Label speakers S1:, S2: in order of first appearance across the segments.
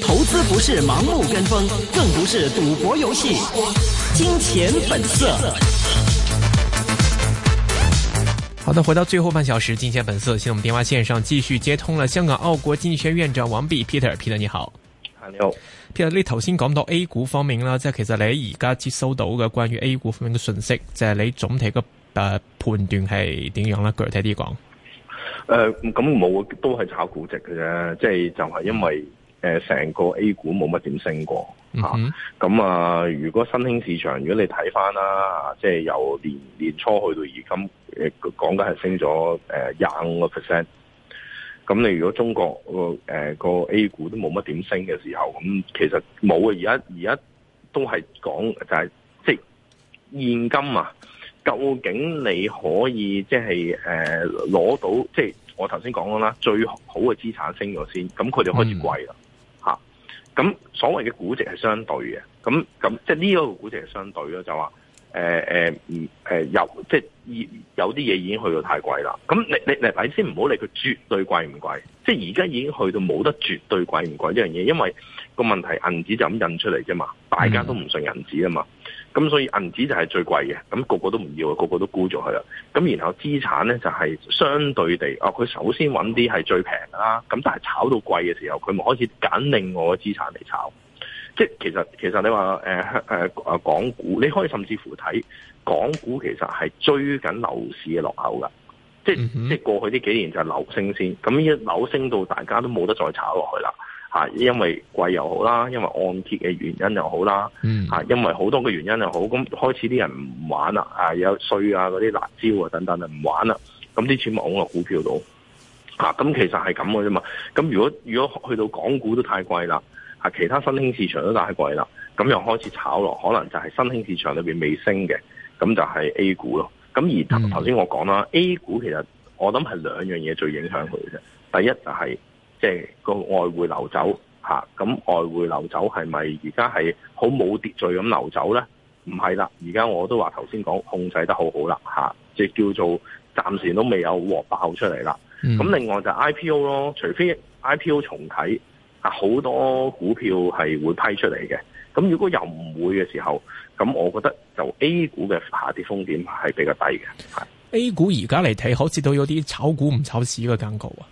S1: 投資不是盲目跟風，更不是賭博遊戲。金錢本色。好的，回到最後半小時，金錢本色。現在我們電話線上繼續接通了香港奧國經濟學院院長王弼 Peter，Peter Peter. Peter，你好。Peter，你好，Peter。你頭先講到 A 股方面啦，即係其實你而家接收到嘅關於 A 股方面嘅信息，即係你總體嘅誒判斷係點樣啦？具體啲講。
S2: 誒、呃，咁冇，都係炒估值嘅啫，即係就係、是、因為誒成、呃、個 A 股冇乜點升過，吓、嗯，咁啊,啊，如果新興市場，如果你睇翻啦，即係由年年初去到而今，誒講緊係升咗誒廿五個 percent，咁你如果中國個誒、呃那個 A 股都冇乜點升嘅時候，咁其實冇、就是、啊，而家而家都係講就係即係現金啊。究竟你可以、呃、拿即係誒攞到即係我頭先講咁啦，最好嘅資產升咗先，咁佢哋開始貴啦，嚇、嗯！咁、啊、所謂嘅估值係相對嘅，咁、嗯、咁即係呢個估值係相對咯，就話誒誒嗯誒有即係有啲嘢已經去到太貴啦。咁你你你，你先唔好理佢絕對貴唔貴，即係而家已經去到冇得絕對貴唔貴呢樣嘢，因為個問題銀紙就咁印出嚟啫嘛，大家都唔信銀紙啊嘛。嗯嘛咁所以銀紙就係最貴嘅，咁、那個個都唔要，個個都沽咗佢啦。咁然後資產咧就係、是、相對地，哦、啊、佢首先揾啲係最平啦，咁但係炒到貴嘅時候，佢咪開始揀另外嘅資產嚟炒。即係其實其實你話、呃呃、港股，你可以甚至乎睇港股其實係追緊樓市嘅落口噶，即係、嗯、即過去呢幾年就係樓升先，咁一樓升到大家都冇得再炒落去啦。啊，因為貴又好啦，因為按揭嘅原因又好啦、嗯，因為好多嘅原因又好，咁開始啲人唔玩啦、啊，啊，有稅啊嗰啲辣椒啊等等啊唔玩啦，咁啲錢咪攞落股票度，咁其實係咁嘅啫嘛。咁如果如果去到港股都太貴啦，其他新興市場都太貴啦，咁又開始炒落，可能就係新興市場裏面未升嘅，咁就係 A 股咯。咁而頭先我講啦、嗯、A 股其實我諗係兩樣嘢最影響佢嘅，第一就係、是。即係個外匯流走吓，咁外匯流走係咪而家係好冇秩序咁流走咧？唔係啦，而家我都話頭先講控制得好好啦吓，即係叫做暫時都未有獲爆出嚟啦。咁、嗯、另外就 IPO 咯，除非 IPO 重啟，啊好多股票係會批出嚟嘅。咁如果又唔會嘅時候，咁我覺得就 A 股嘅下跌風險
S1: 係比較低嘅。A 股而家嚟睇，好似都有啲炒股唔炒市嘅感覺啊！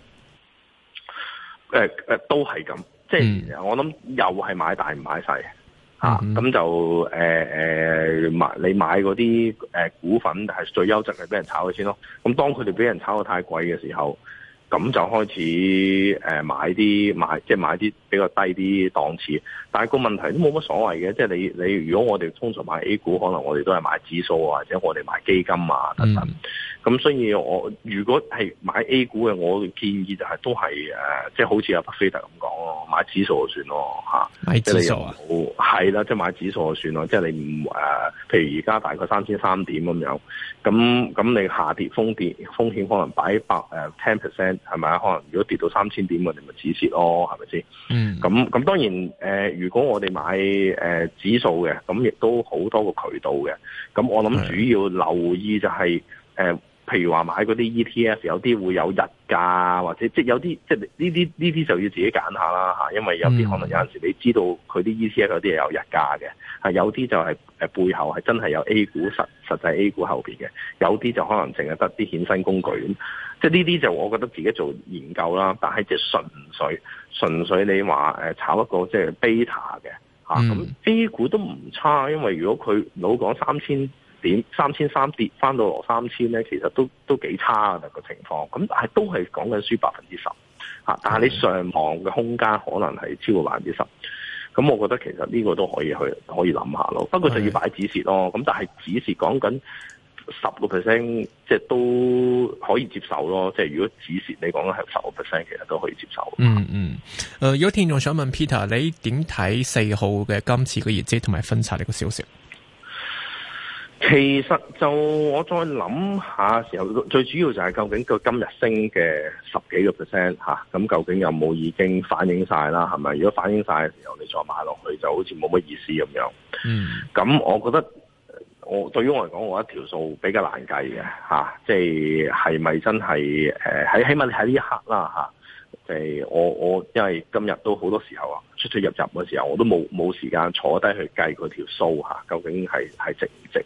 S2: 誒、呃、誒、呃，都係咁，即係、嗯、我諗又係買大唔買細，吓、啊、咁、嗯、就誒誒、呃、買你買嗰啲誒股份係最優質嘅，俾人炒咗先咯。咁當佢哋俾人炒到太貴嘅時候，咁就開始誒、呃、買啲買即係買啲比較低啲檔次。但係個問題都冇乜所謂嘅，即係你你如果我哋通常買 A 股，可能我哋都係買指數啊，或者我哋買基金啊等等。嗯咁、嗯、所以我，我如果係買 A 股嘅，我建議就係、是、都係即係好似阿巴菲特咁講咯，買指數就算咯，嚇、啊。買指數啊？係啦，即係、就是、買指數就算咯，即係你唔誒、呃，譬如而家大概三千三點咁樣，咁咁你下跌風險風險可能擺百誒 ten percent 係咪？可能如果跌到三千點我你咪止蝕咯，係咪先？嗯。咁咁當然誒、呃，如果我哋買誒、呃、指數嘅，咁亦都好多個渠道嘅。咁我諗主要留意就係、是、誒。譬如話買嗰啲 ETF，有啲會有日價，或者即係有啲即係呢啲呢啲就要自己揀下啦，因為有啲可能有陣時你知道佢啲 ETF 有啲嘢有日價嘅，有啲就係背後係真係有 A 股實實際 A 股後面嘅，有啲就可能淨係得啲衍生工具，即係呢啲就我覺得自己做研究啦。但係即係純粹純粹你話誒炒一個即係 beta 嘅咁、嗯、A 股都唔差，因為如果佢老講三千。點三千三跌翻到落三千咧，其實都都幾差啊，個情況。咁但係都係講緊輸百分之十嚇，但係你上望嘅空間可能係超過百分之十。咁我覺得其實呢個都可以去可以諗下咯。不過就要擺止蝕咯。咁但係止蝕講緊十個 percent，即係都可以接受咯。即係如果止蝕你講緊係十個 percent，其實都可以接受
S1: 嗯。嗯嗯。如果聽眾想問 Peter，你點睇四號嘅今次嘅業績同埋分拆呢個消息？
S2: 其實就我再諗下時候，最主要就係究竟佢今日升嘅十幾個 percent 嚇，咁、啊、究竟有冇已經反映晒啦？係咪？如果反映晒嘅時候，你再買落去就好似冇乜意思咁樣。
S3: 嗯，
S2: 咁我覺得我對於我嚟講，我一條數比較難計嘅嚇，即係係咪真係誒？喺、啊、起碼喺呢一刻啦嚇。啊即、嗯、係我我，因為今日都好多時候啊，出出入入嘅時候，我都冇冇時間坐低去計嗰條數吓，究竟係係值唔值？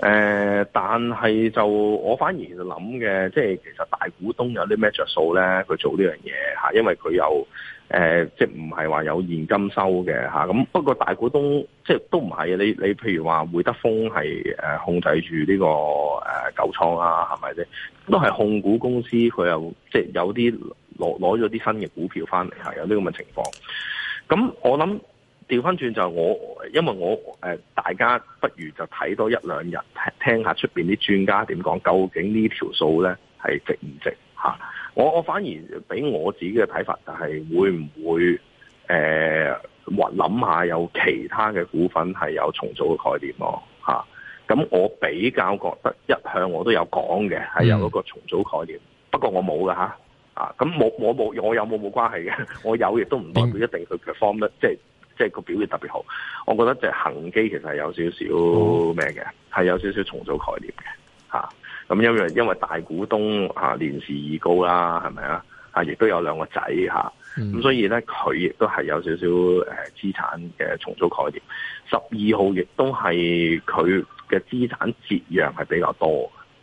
S2: 誒、呃，但係就我反而就諗嘅，即係其實大股東有啲咩著數咧？佢做呢樣嘢吓，因為佢又誒，即係唔係話有現金收嘅吓。咁不過大股東即係都唔係，你你譬如話會德豐係誒控制住呢個誒九倉啦，係咪啫？都係控股公司，佢又即係有啲攞攞咗啲新嘅股票翻嚟吓，有呢咁嘅情況。咁我諗。調翻轉就係我，因為我誒大家不如就睇多一兩日，聽下出面啲專家點講，究竟呢條數咧係值唔值嚇？我我反而俾我自己嘅睇法就會會，就係會唔會誒或諗下有其他嘅股份係有重組嘅概念咯嚇？咁我比較覺得一向我都有講嘅係有嗰個重組概念、嗯，不過我冇噶嚇啊！咁我我冇我有冇冇關係嘅？我有亦 都唔代表一定去 perform 得、嗯、即係。即係個表現特別好，我覺得就係恒基其實係有少少咩嘅，係有少少重組概念嘅咁、啊嗯、因為因為大股東年事已高啦，係咪啊？亦都有兩個仔咁、啊嗯嗯、所以咧佢亦都係有少少、啊、資產嘅重組概念。十二號亦都係佢嘅資產折讓係比較多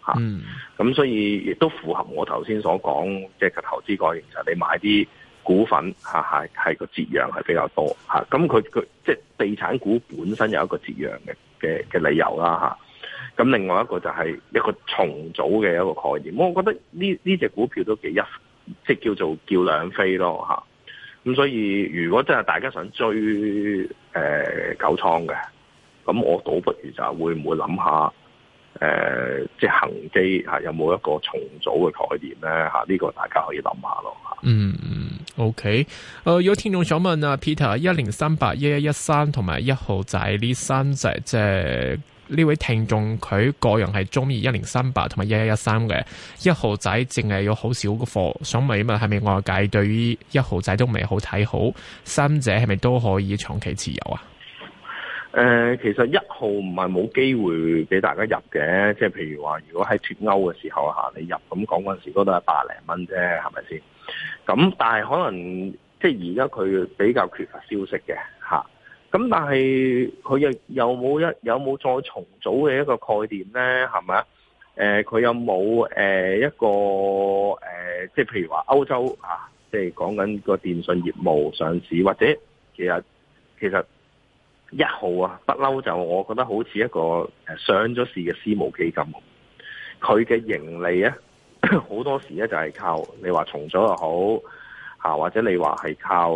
S2: 咁、
S3: 啊嗯
S2: 啊嗯嗯、所以亦都符合我頭先所講，即、就、係、係、投資概念就係、你買啲股份嚇係係個折讓係比較多嚇，咁佢佢即係地產股本身有一個折讓嘅嘅嘅理由啦嚇，咁另外一個就係一個重組嘅一個概念，我覺得呢呢隻股票都幾一，即係叫做叫兩飛咯嚇，咁所以如果真係大家想追誒九、呃、倉嘅，咁我倒不如就係會唔會諗下誒即係恆基嚇、啊、有冇一個重組嘅概念咧嚇？呢、啊呢個大家可以諗下咯嚇。
S3: 嗯嗯。
S1: OK，誒、呃，有聽眾想問啊，Peter，一零三八、一一一三同埋一號仔呢三隻，即係呢位聽眾佢個人係中意一零三八同埋一一一三嘅，一號仔淨係有好少嘅貨，想問一問係咪外界對於一號仔都未好睇好，三者係咪都可以長期持有啊？
S2: 誒、呃，其實一號唔係冇機會俾大家入嘅，即係譬如話，如果喺脫歐嘅時候啊你入咁講嗰陣時都都係百零蚊啫，係咪先？咁但係可能即係而家佢比較缺乏消息嘅嚇，咁、啊、但係佢又有冇一有冇再重組嘅一個概念咧？係咪啊？誒、呃，佢有冇誒、呃、一個誒、呃，即係譬如話歐洲啊，即係講緊個電信業務上市，或者其實其實。一號啊，不嬲就我覺得好似一個上咗市嘅私募基金，佢嘅盈利咧，好多時咧就係靠你話重組又好，或者你話係靠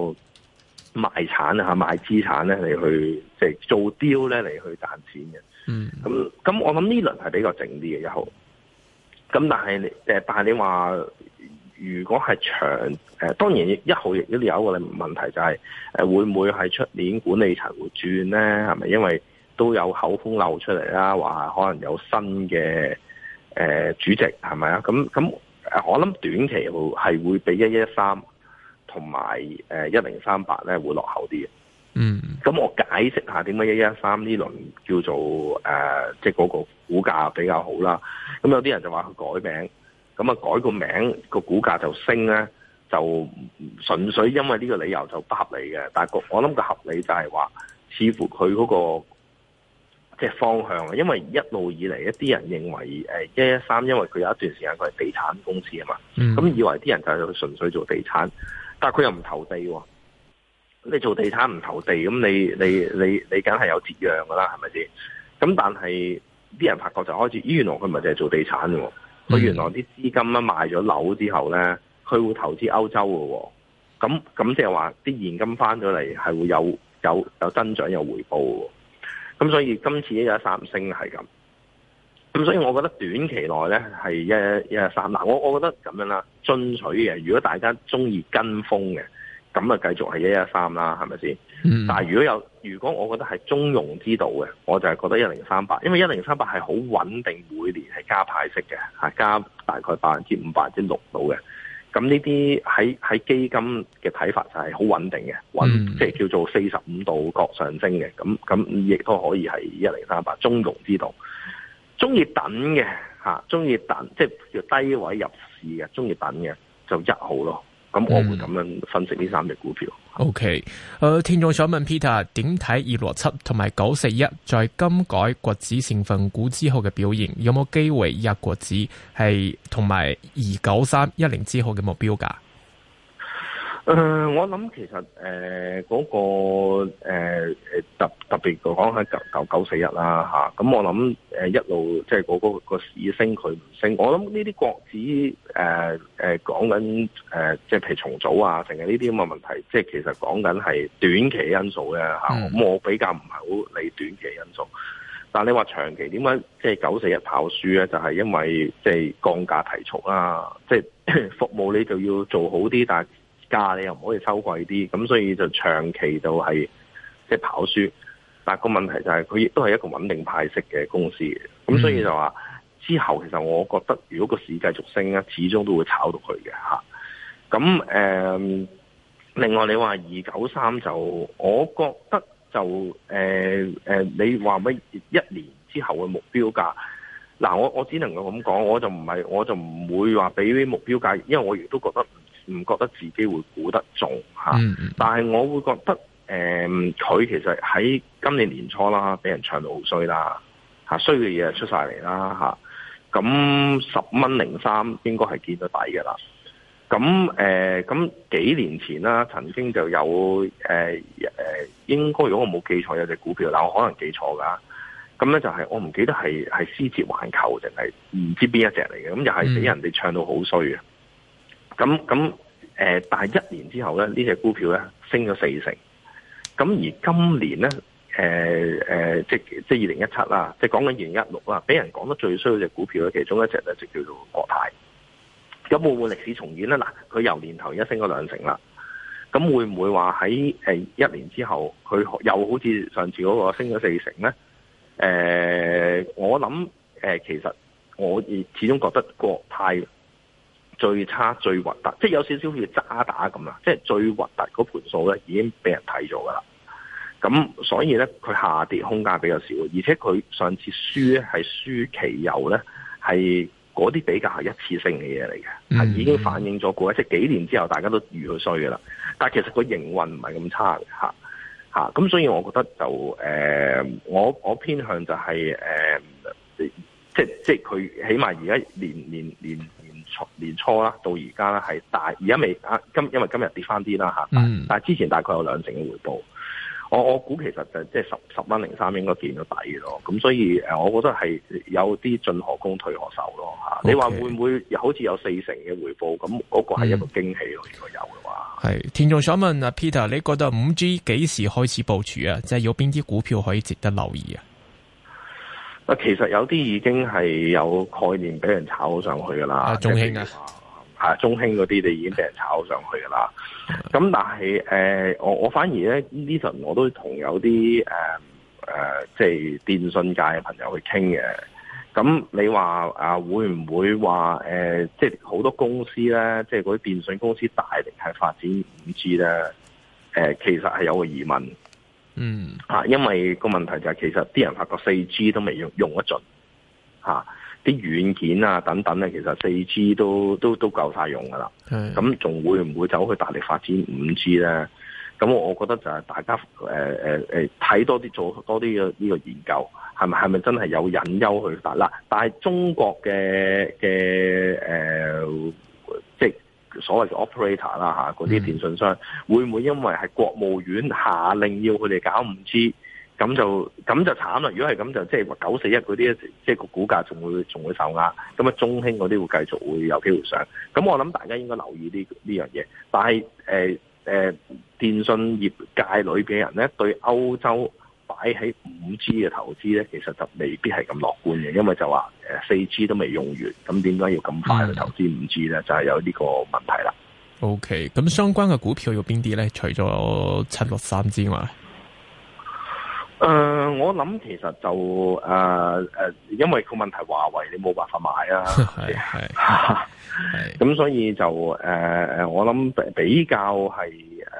S2: 賣產啊吓賣資產咧嚟去即係、就是、做雕咧嚟去賺錢嘅。嗯、mm-hmm.，咁咁我諗呢輪係比較靜啲嘅一號，咁但係你誒，但係你話。如果係長誒，當然一號亦都有一個問題，就係會唔會係出年管理層會轉呢？係咪因為都有口風漏出嚟啦？話可能有新嘅誒、呃、主席係咪啊？咁咁我諗短期係會比一一三同埋誒一零三八咧會落後啲嘅。嗯，咁我解釋下點解一一三呢輪叫做誒，即係嗰個股價比較好啦。咁有啲人就話佢改名。咁啊，改個名個股價就升咧，就純粹因為呢個理由就不合理嘅。但係我我諗個合理就係話，似乎佢嗰、嗰個即係方向啊。因為一路以嚟一啲人認為誒一一三，呃、113，因為佢有一段時間佢係地產公司啊嘛，咁、嗯、以為啲人就係純粹做地產，但係佢又唔投地喎。你做地產唔投地，咁你你你你梗係有折讓㗎喇，係咪先？咁但係啲人發覺就開始，咦，原來佢唔係淨係做地產嘅。佢、嗯、原來啲資金咧賣咗樓之後咧，佢會投資歐洲嘅喎，咁咁即係話啲現金翻咗嚟係會有有有增長有回報的，咁所以今次有一三升係咁，咁所以我覺得短期內咧係一一,一三八，我我覺得咁樣啦，進取嘅，如果大家中意跟風嘅。咁啊，繼續係一一三啦，係咪先？但係如果有，如果我覺得係中庸之道嘅，我就係覺得一零三八，因為一零三八係好穩定，每年係加派息嘅，嚇加大概百分之五、百分之六到嘅。咁呢啲喺喺基金嘅睇法就係好穩定嘅，穩即係叫做四十五度角上升嘅。咁咁亦都可以係一零三八，中庸之道。中意等嘅嚇，中意等即係叫低位入市嘅，中意等嘅就一號咯。咁我會咁
S1: 樣分析呢三隻股票。OK，誒，聽眾想問 Peter 點睇二六七同埋九四一在金改國指成分股之後嘅表現，有冇機會入國指係同埋二九三一零之後嘅目標價？
S2: 我諗其實誒，嗰個誒，特特別講喺九九九四一啦，咁我諗一路即係嗰個市升佢唔升。我諗呢啲國指誒，講緊即係譬如重組啊，成日呢啲咁嘅問題，即係其實講緊係短期因素咧、嗯、咁我比較唔係好理短期因素，但係你話長期點解即係九四一跑輸咧？就係因為即係降價提速啦，即係服務你就要做好啲，但係價你又唔可以收貴啲，咁所以就長期就係即係跑輸，但係個問題就係佢亦都係一個穩定派息嘅公司，咁所以就話之後其實我覺得如果個市繼續升咧，始終都會炒到佢嘅吓。咁誒、呃，另外你話二九三就，我覺得就誒誒、呃，你話咩一年之後嘅目標價？嗱，我我只能夠咁講，我就唔係我就唔會話俾啲目標價，因為我亦都覺得。唔覺得自己會估得中嚇，但係我會覺得誒，佢、嗯、其實喺今年年初啦，俾人唱到好衰啦，衰嘅嘢出晒嚟啦嚇，咁十蚊零三應該係見到底㗎啦。咁、嗯、誒，咁、嗯嗯、幾年前啦，曾經就有誒、嗯、應該如果我冇記錯有隻股票，嗱我可能記錯㗎，咁咧就係、是、我唔記得係係思捷環球定係唔知邊一隻嚟嘅，咁又係俾人哋唱到好衰嘅。嗯咁咁誒，但係一年之後咧，呢隻股票咧升咗四成。咁而今年咧，誒、呃、誒、呃，即即二零一七啦，即講緊二零一六啦，俾人講得最衰嘅隻股票咧，其中一隻咧就叫做國泰。咁會唔會歷史重演咧？嗱，佢由年頭已升咗兩成啦。咁會唔會話喺一年之後，佢又好似上次嗰個升咗四成咧？誒、呃，我諗、呃、其實我亦始終覺得國泰。最差最核突，即係有少少好似渣打咁啦。即係最核突嗰盤數咧，已經俾人睇咗噶啦。咁所以咧，佢下跌空間比較少，而且佢上次輸咧係輸期油咧，係嗰啲比較係一次性嘅嘢嚟嘅，係已經反映咗過。即係幾年之後，大家都預到衰嘅啦。但係其實個營運唔係咁差嘅嚇嚇。咁所以，我覺得就誒、呃，我我偏向就係、是、誒、呃，即即係佢起碼而家年年年。年初啦，到而家啦，係大而家未啊？今因為今日跌翻啲啦吓，但係之前大概有兩成嘅回報。我我估其實就即係十十蚊零三應該見到底咯。咁所以誒，我覺得係有啲進可攻退可守咯吓。啊 okay. 你話會唔會好似有四成嘅回報？咁嗰個係一個驚喜咯、嗯，如果有嘅
S1: 話。係聽眾想問阿 Peter，你覺得五 G 幾時開始部署啊？即係有邊啲股票可以值得留意啊？
S2: 啊，其實有啲已經係有概念俾人炒上去噶啦、啊，中興啊，啊，中興嗰啲就已經俾人炒上去噶啦。咁、啊、但係我、呃、我反而咧呢陣我都同有啲、呃呃、即係電信界嘅朋友去傾嘅。咁你話啊，會唔會話、呃、即係好多公司咧，即係嗰啲電信公司大力係發展五 G 咧？其實係有個疑問。嗯，吓，因為個問題就係其實啲人發覺四 G 都未用用得盡，吓，啲軟件啊等等咧，其實四 G 都、啊、等等都都夠晒用噶啦。咁、嗯、仲會唔會走去大力發展五 G 咧？咁我覺得就係大家誒誒誒睇多啲做多啲嘅呢個研究，係咪係咪真係有隱憂去發？嗱，但係中國嘅嘅誒。所謂嘅 operator 啦嚇，嗰啲電信商會唔會因為係國務院下令要佢哋搞五 G，咁就咁就慘啦！如果係咁就即係話九四一嗰啲，即係個股價仲會仲會受壓。咁啊中興嗰啲會繼續會有機會上。咁我諗大家應該留意呢呢樣嘢。但係誒誒電信業界裏邊嘅人咧對歐洲，擺喺五 G 嘅投資咧，其實就未必係咁樂觀嘅，因為就話誒四 G 都未用完，咁點解要咁快去投資五 G 咧？就係、是、有呢個問題啦。
S1: OK，咁相關嘅股票有邊啲咧？除咗七六三之外，誒、
S2: 呃，我諗其實就誒誒、呃呃，因為個問題華為你冇辦法買啊，係 係，咁是 所以就誒誒、呃，我諗比較係誒、呃、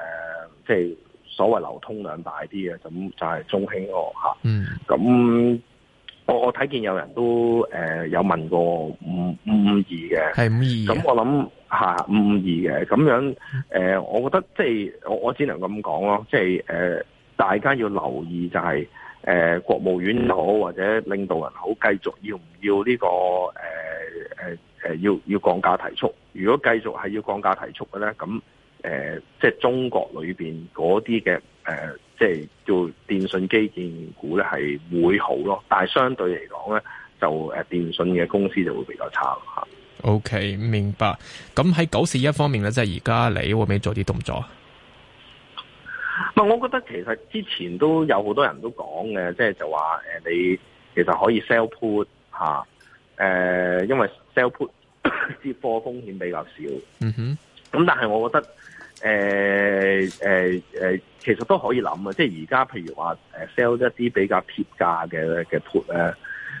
S2: 即係。所謂流通量大啲嘅，咁就係、是、中興咯、那、嚇、個。咁、嗯啊、我我睇見有人都誒、呃、有問過五五二嘅，係五二。咁我諗吓五二嘅咁樣誒、呃，我覺得即係我我只能咁講咯，即係誒、呃、大家要留意就係、是、誒、呃、國務院好或者領導人好，繼續要唔要呢、這個誒、呃呃、要要降價提速？如果繼續係要降價提速嘅咧，咁。誒、呃，即係中國裏邊嗰啲嘅誒，即係叫電信基建股咧，係會好咯。但係相對嚟講咧，就誒電信嘅公
S1: 司就會比較差吓，O K，明白。咁喺九四一方面咧，即係而家你會唔會做啲動作？
S2: 我覺得其實之前都有好多人都講嘅，即係就話、是、誒、呃，你其實可以 sell put 吓、啊，誒、呃，因為 sell put 啲 貨風險比較少。嗯哼，咁但係我覺得。呃呃呃、其實都可以諗啊！即係而家，譬如話 sell 一啲比較貼價嘅嘅盤咧，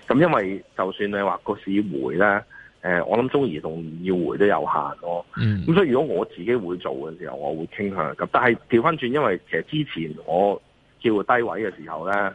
S2: 咁因為就算你話個市要回咧、呃，我諗中移動要回都有限咯。咁、嗯、所以如果我自己會做嘅時候，我會傾向。咁但係調翻轉，因為其實之前我叫低位嘅時候咧，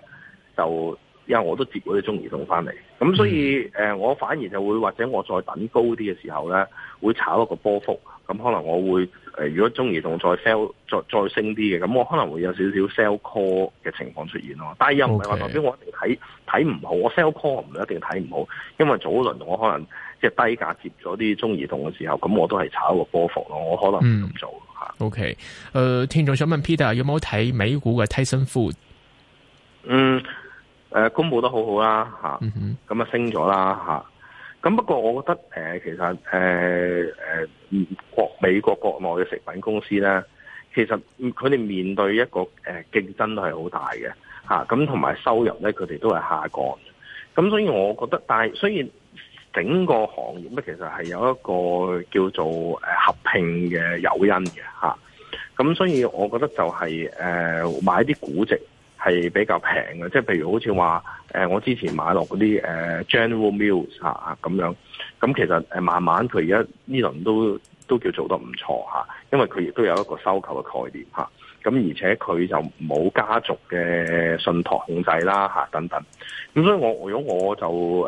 S2: 就因為我都接過啲中移動翻嚟。咁所以、嗯呃、我反而就會或者我再等高啲嘅時候咧，會炒一個波幅，咁可能我會、呃、如果中移動再 sell 再再升啲嘅，咁我可能會有少少 sell call 嘅情況出現咯。但係又唔係話代表我一定睇睇唔好，我 sell call 唔一定睇唔好，因為早嗰輪我可能即係低價接咗啲中移動嘅時候，咁我都係炒一個波幅咯。我可能唔咁
S1: 做、嗯、OK，誒、呃，聽眾想問 Peter 有冇睇美股嘅 Tyson Foods？
S2: 嗯，誒、呃，公布都好好啦，咁啊升咗啦、啊咁不過，我覺得、呃、其實誒國、呃、美國國內嘅食品公司咧，其實佢哋面對一個競、呃、競爭係好大嘅嚇，咁同埋收入咧佢哋都係下降。咁所以，我覺得但係，雖然整個行業咧其實係有一個叫做合併嘅誘因嘅嚇，咁、啊、所以，我覺得就係、是呃、買啲估值。係比較平嘅，即係譬如好似話誒，我之前買落嗰啲誒 General Mills 嚇、啊、咁、啊、樣，咁、啊、其實誒、啊、慢慢佢而家呢輪都都叫做得唔錯嚇、啊，因為佢亦都有一個收購嘅概念嚇，咁、啊、而且佢就冇家族嘅信託控制啦嚇、啊、等等，咁所以我如果我就誒誒、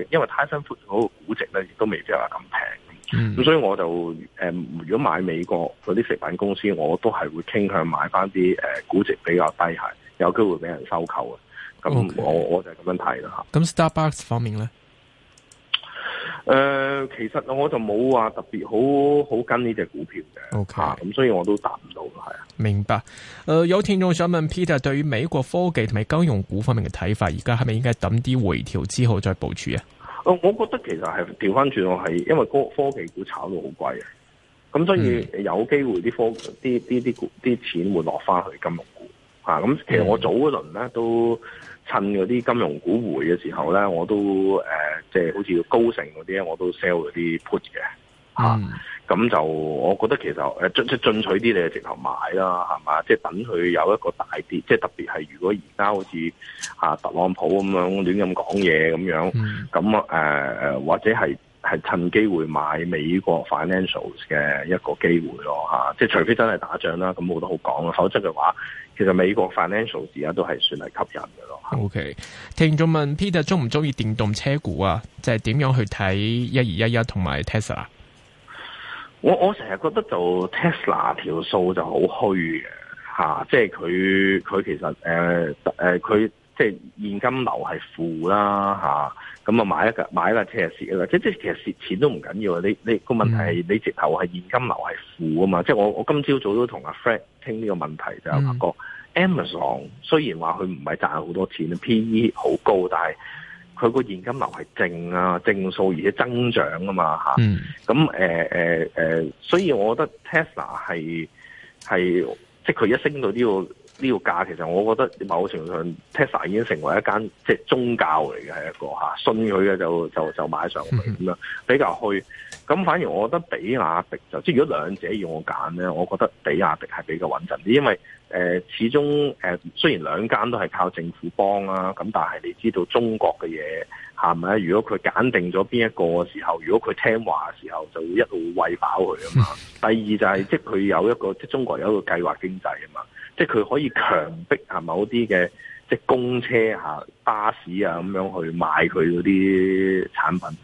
S2: 啊，因為 Tyson Foods 嗰個估值咧，亦都未必係話咁平，咁、嗯、所以我就誒、啊、如果買美國嗰啲食品公司，我都係會傾向買翻啲誒估值比較低係。啊。有機會俾人收購啊！咁我、okay. 我，我就係咁樣睇啦，
S1: 咁 Starbucks 方面咧？
S2: 誒、呃，其實我就冇話特別好好跟呢隻股票嘅。O K. 咁所以我都答唔到係啊。
S1: 明白。誒、呃，有聽眾想問 Peter，對於美國科技同埋金融股方面嘅睇法，而家係咪應該等啲回調之後再部署啊？
S2: 我、呃、我覺得其實係調翻轉，我係因為科科技股炒到好貴啊，咁所以有機會啲科啲啲啲啲錢會落翻去金融。啊，咁其實我早嗰輪咧都趁嗰啲金融股回嘅時候咧，我都誒、呃、即係好似高盛嗰啲咧，我都 sell 嗰啲 put 嘅。嚇、mm. 啊，咁就我覺得其實誒進進進取啲你係直頭買啦，係嘛？即係等佢有一個大跌，即係特別係如果而家好似啊特朗普咁樣亂咁講嘢咁樣，咁誒誒或者係係趁機會買美國 financials 嘅一個機會咯嚇、啊。即係除非真係打仗啦，咁冇得好講啦，否則嘅話。其實美國 financial 而家都係算係吸引嘅咯。
S1: OK，聽眾問 Peter 鍾唔鍾意電動車股啊？即係點樣去睇一二一一同埋 Tesla？
S2: 我我成日覺得做 Tesla 的數就 Tesla 條數就好虛嘅吓，即係佢佢其實誒誒，佢、呃呃、即係現金流係負啦吓。啊咁啊買一個買一其實蝕噶啦，即係即其實蝕錢都唔緊要啊！你你個問題係、嗯、你直頭係現金流係負啊嘛，即係我我今朝早都同阿 friend 傾呢個問題就係發覺 Amazon 雖然話佢唔係賺好多錢、嗯，P E 好高，但係佢個現金流係正啊，正數而且增長啊嘛嚇，咁誒誒誒所以我覺得 Tesla 係係即係佢一升到呢個。呢個價其實我覺得某程度上 Tesla 已經成為一間即係宗教嚟嘅，係一個吓信佢嘅就就就買上去咁樣比較去。咁反而我覺得比亞迪就即係如果兩者要我揀咧，我覺得比亞迪係比較穩陣啲，因為誒、呃、始終誒、呃、雖然兩間都係靠政府幫啦，咁但係你知道中國嘅嘢係咪？如果佢揀定咗邊一個時候，如果佢聽話嘅時候，就會一路餵飽佢啊嘛。 第二就係、是、即係佢有一個即係中國有一個計劃經濟啊嘛，即係佢可以強迫係某啲嘅即係公車、啊、巴士啊咁樣去買佢嗰啲產品。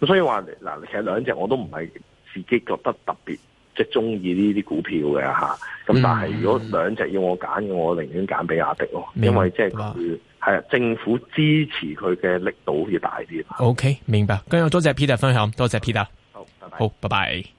S2: 咁所以話，嗱，其實兩隻我都唔係自己覺得特別即係中意呢啲股票嘅吓。咁、嗯、但係如果兩隻要我揀嘅，我寧願揀比亞迪咯，因為即係佢係政府支持佢嘅力度要大啲。
S1: OK，明白。跟住多謝 Peter 分享，多謝，謝 Peter。好，拜拜。好，
S2: 拜拜。